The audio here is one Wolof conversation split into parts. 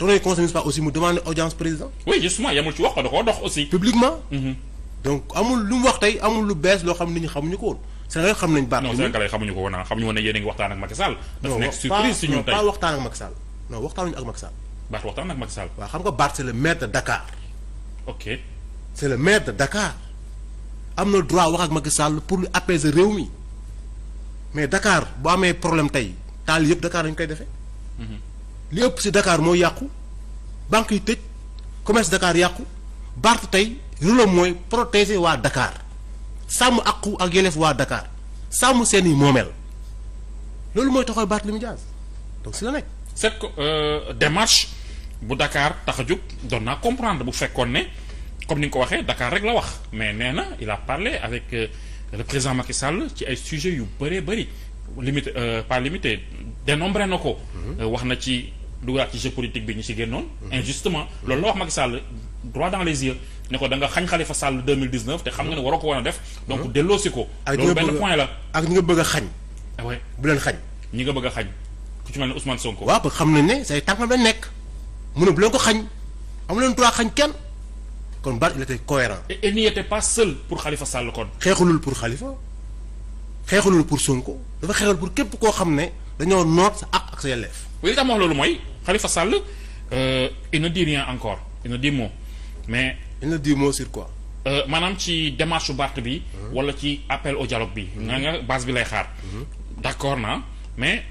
tournée conseil municipal aussi mu demandé audience président. oui justement yamul ci mhm. amul lu wax tey amul lu bees loo xam ni ñu xamuñu ko xam nañ baax. non Sénégal ko woon ah a ngi waxtaan ak Macky Sall. dafa nekk surprise si ñun tey ak Macky Sall non waxtaanuñu ak Macky Sall. Barth waxtaan ak Macky Sall. waaw xam nga Barth c' est le maire de Dakar. le maire de am na droit wax ak Macky Sall pour lu a réew mi mais dakaar boo amee problème tey taal yëpp Dakar dañu koy defee. Mhm. li ëpp si dakaar mooy yàqu banque yi tëj commerce Dakar yàqu bart tey rôlam mooy protéger waa Dakar sàmm ak àqu ak yelleef waa Dakar sàmm seen i moomeel loolu mooy taxaw Barth li mu jaas donc si la euh, bu Dakar tax a naa comprendre bu fekkoon ne comme ni nga ko waxee Dakar rek la wax mais nee na il a parlé avec euh, le président Macky Sall ci ay sujets yu bëree bëri limité euh, pas limité dénombré na ko. Mm-hmm. wax na ci. duggaat ci jeu politique bi ñu si génnoon. Mhm. injustement loolu la wax Macky Sall droit dans les yeux ne ko da nga xañ Khalifa Sall 2019 te xam nga ne waroo ko woon a def. donc mhm. delloosi ko. loolu benn point ak ñi nga bëgg xañ. waaw ah bu leen xañ. ñi nga bëgg a xañ ku ci mel ne Ousmane Sonko. waaw ba xam ne say tànkam la nekk mu ne bu leen ko xañ amu leen droit xañ kenn kon Barth il était cohérent. et il n'était pas seul pour Khalifa Sall kon. xeexulul pour xalifa xeexulul pour Sonko dafa xeexul pour képp koo xam ne dañoo noot sa àq loolu mooy. Khalifa Sall euh, il ne dit rien encore il ne dit mais. il ne dit mot quoi. Euh, ci démarche su Barth bi. Mm wala ci appel au dialogue bi. Mm -hmm. nga base bi lay xaar. Mm d' accord naa mais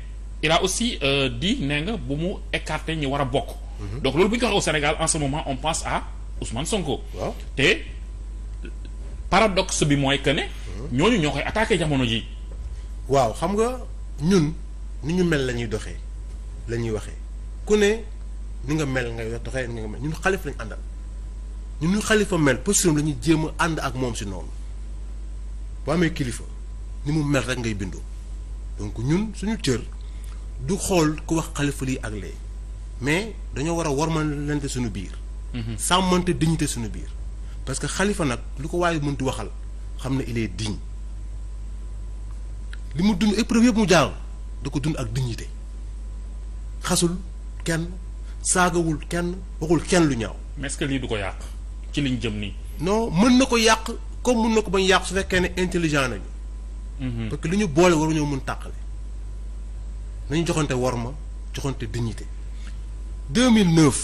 il a aussi di euh, dit nga bu mu écarter ñi war a bokk. Mhm. donc loolu bu ñu ko waxee au Sénégal en ce moment on pense à Ousmane Sonko. Wow. te paradoxe bi mooy que ne. Mhm. ñooñu ñoo koy attaqué jamono ji waaw xam nga ñun ni ñu mel la ñuy doxee lañuy waxe ku ne ni nga mel ngay yor doxee ni nga mel ñun xalif lañ àndal ñun ñu xalifa mel posture la ñuy jéem a ànd ak moom si noonu boo amee kilifa ni mu mel rek ngay bindoo donc ñun suñu cër du xool ku wax xalifa lii ak lee mais dañoo war a warmalante suñu biir. Mhm. sàmmante dignité suñu biir. parce que xalifa nag lu ko waaye mënti waxal xam na il est li mu dund épreuve yëpp mu jaar da ko dund ak dignité xasul. kenn saagawul kenn waxul kenn lu ñaaw. mais que lii du ko yàq ci liñ jëm nii. no mën na ko yàq comme mën na ko bañ yàq su fekkee ne intelligent nañu. Mhm. parce que li ñu boole waruñoo mën tàqale. nañu joxante worma joxante dignité. 2009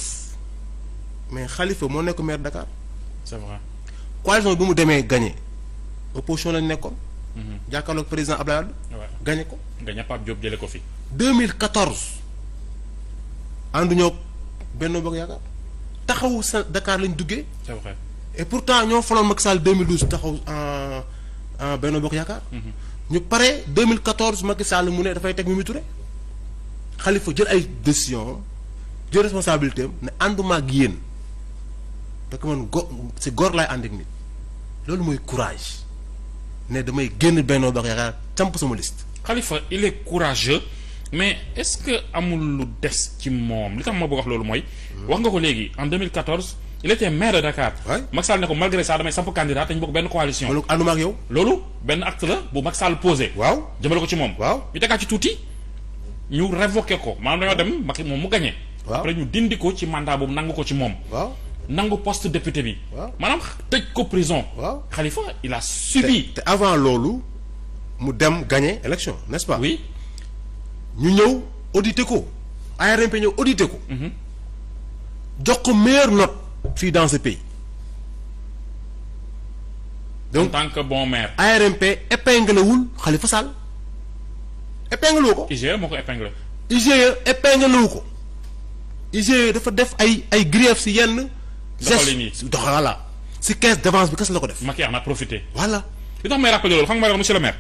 mais xalifa moo nekk maire Dakar. c'est vrai coalition bi mu demee gagné opposition lañ nekkoon. Mhm. jàkkaarloog président Abdoulaye Wade. waaw gagné ko. gagné Pape Diop jëlee ko fi. 2014. ànduñoo benn Bokk Yaakaar taxaw sa Dakar lañ duggee. c'est vrai et pourtant ñoo faloon Macky Sall 2012 taxaw en en Benno Bokk Yaakaar. Mhm. ñu pare 2014 Macky Sall mu ne dafay teg Mimi Touré Khalifa jël ay décision jël responsabilité am ne ànduma ak yéen man go si góor laay ànd ak nit loolu mooy courage ne damay génn benn Bokk Yaakaar camp sama liste. Khalifa il est mais est-ce que amul lu des ci moom li tax ma bëgg wax loolu mooy. wax nga ko léegi en 2014 il était maire de Dakar. waay Macky Sall ne ko malgré ça damay samp candidat te ñu bokk benn coalition. loolu ànduma ak yow. loolu benn acte la bu Macky Sall waaw jëmale ko ci moom. waaw ñu tegaat ci tuuti ñu révoqué ko maanaam dañoo dem Macky moom mu gagné. waaw après ñu dindi ko ci mandat boobu nangu ko ci moom. waaw nangu poste député bi. waaw maanaam tëj ko prison. waaw Khalifa il te avant loolu mu dem gagné élection n'est-ce pas. ñu ñëw audité ko ARMP ñëw auditer ko. Mhm. jox ko meilleure note fii dans ce pays. donc bon maire. ARMP épinglé wul Khalifa Sall épinglé wu ko. IGE moo ko épinglé. IGE épinglé ko. IGE dafa def ay ay griefs si yenn. doxalin yi geste voilà si caisse d'avance bi kese la ko def. Macky li tax may rappelé loolu xam ma ne la monsieur le maire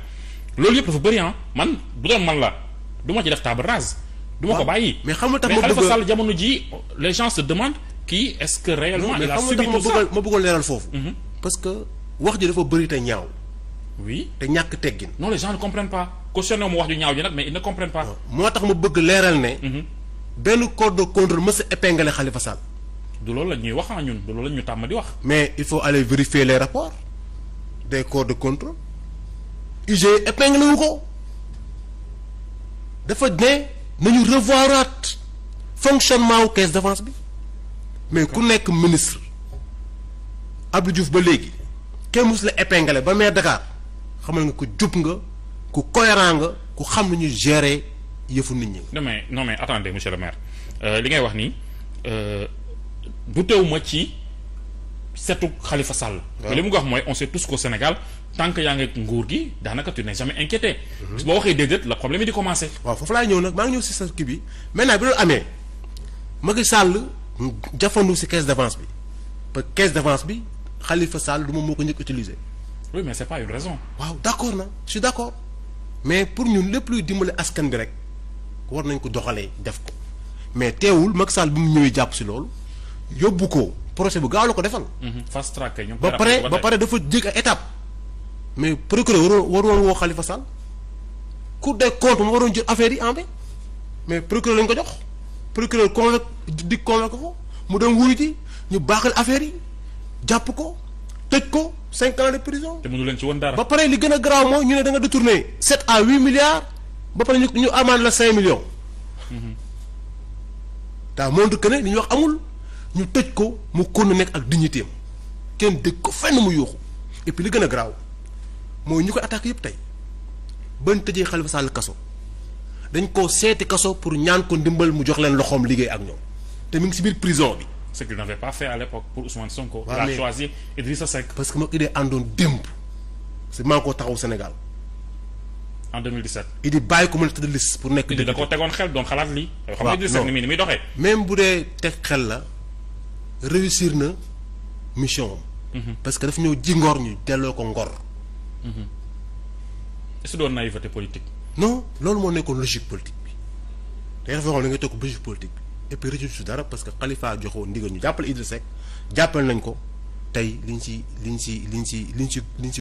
loolu yëpp dafa bëri ah man bu doon man la. duma ci def table rase. du ma ko bàyyi. mais xam nga tax ma bëgg mais Khalifa Sall jamono ji les gens se demandent kii est-ce que réellement. il a subi tout ça mais xam leeral foofu. Mhm. parce que wax ji dafa bëri te ñaaw. oui te ñàkk teggin. non les gens ne comprennent pas cautionné mu wax ju ñaaw ji nag mais ils moo tax ma bëgg leeral ne. Mhm. benn code de contrôle mës a épinglé Khalifa du loolu la ñuy wax ah ñun du loolu la ñu tàmm di wax. mais il faut aller vérifier les rapports des corps de contrôle. UG e épinglé wu ko. dafa ne nañu revoiraat fonctionnement wu caisse d'avance bi mais ku nekk ministre Abdou ba léegi kenn mus la épinglé ba maire Dakar xamal nga ku jub nga ku cohérent nga ku xam lu ñuy gérer yëfu nit ñi. non mais non mais attendez monsieur le maire euh, li ngay wax nii euh, du teew ma ci. setu Khalifa Sall. waaw wax mooy on sait tous qu'au Sénégal tant que yaa ngi nguur gi daanaka tu n'es jamais inquiété. boo waxee déedéet le problème yi di commencé. waaw foofu laay ñëw nag maa ngi ñëw si sa kii bi maintenant bi loolu amee Macky Sall jafandu si caisse d'avance bi ba caisse d'avance bi Khalifa Sall du moom moo ko njëkk utiliser. oui mais c'est pas waaw d'accord na je d'accord mais pour ñun lépp luy dimbale askan bi rek war nañ ko doxalee def ko mais teewul Macky Sall bi mu ñëwee jàpp si loolu yóbbu ko. procès bu gaaw la ko defal. Mhm. fast track ñu ba pare ba pare dafa jég ay étape mais procureur waroon waroon woo Khalifa Sall Cour de comptes moo waroon jël affaire yi en paix mais procureur lañ ko jox procureur convoqué di convoqué ko mu dem wuyu ji ñu baaxal affaire yi jàpp ko tëj ko cinq ans de prison. ci woon dara. ba pare li gën a garaaw mooy ñu ne da nga détourné sept à huit milliards ba pare ñu ñu amende la cinq millions. daa mhm. montre que ne li ñu wax amul. ñu tëj ko mu kon nekk ak dignité am kenn dégg ko fenn mu yuuxu et li gën a garaaw mooy ñu koy attaqué yëpp tey bañ tëjee Khalifa Sall kaso dañ koo seeti kaso pour ñaan ko ndimbal mu jox leen loxoom liggéey ak ñoom te mi ngi si biir prison bi. ce qu'il n'avait pas fait parce que moom idée àndoon ko taxaw senegal en 2017. idi bàyyi ko mu ne tëdd pour nekk. idi da koo tegoon xel doon xalaat lii. waaw bu dee teg xel la. réussir na mission am. Mhm. parce que daf ñëw ji ngor ñu delloo ko ngor. Mhm. est-ce doon naïveté non loolu moo nekkoon logique politique bi day dafa waxoon da ngay toog logique bi et puis dara parce que Khalifa joxoon ndigal ñu jàppale Idrissa Seck jàppale nañ ko tey liñ ci liñ ci ci liñ ci ci.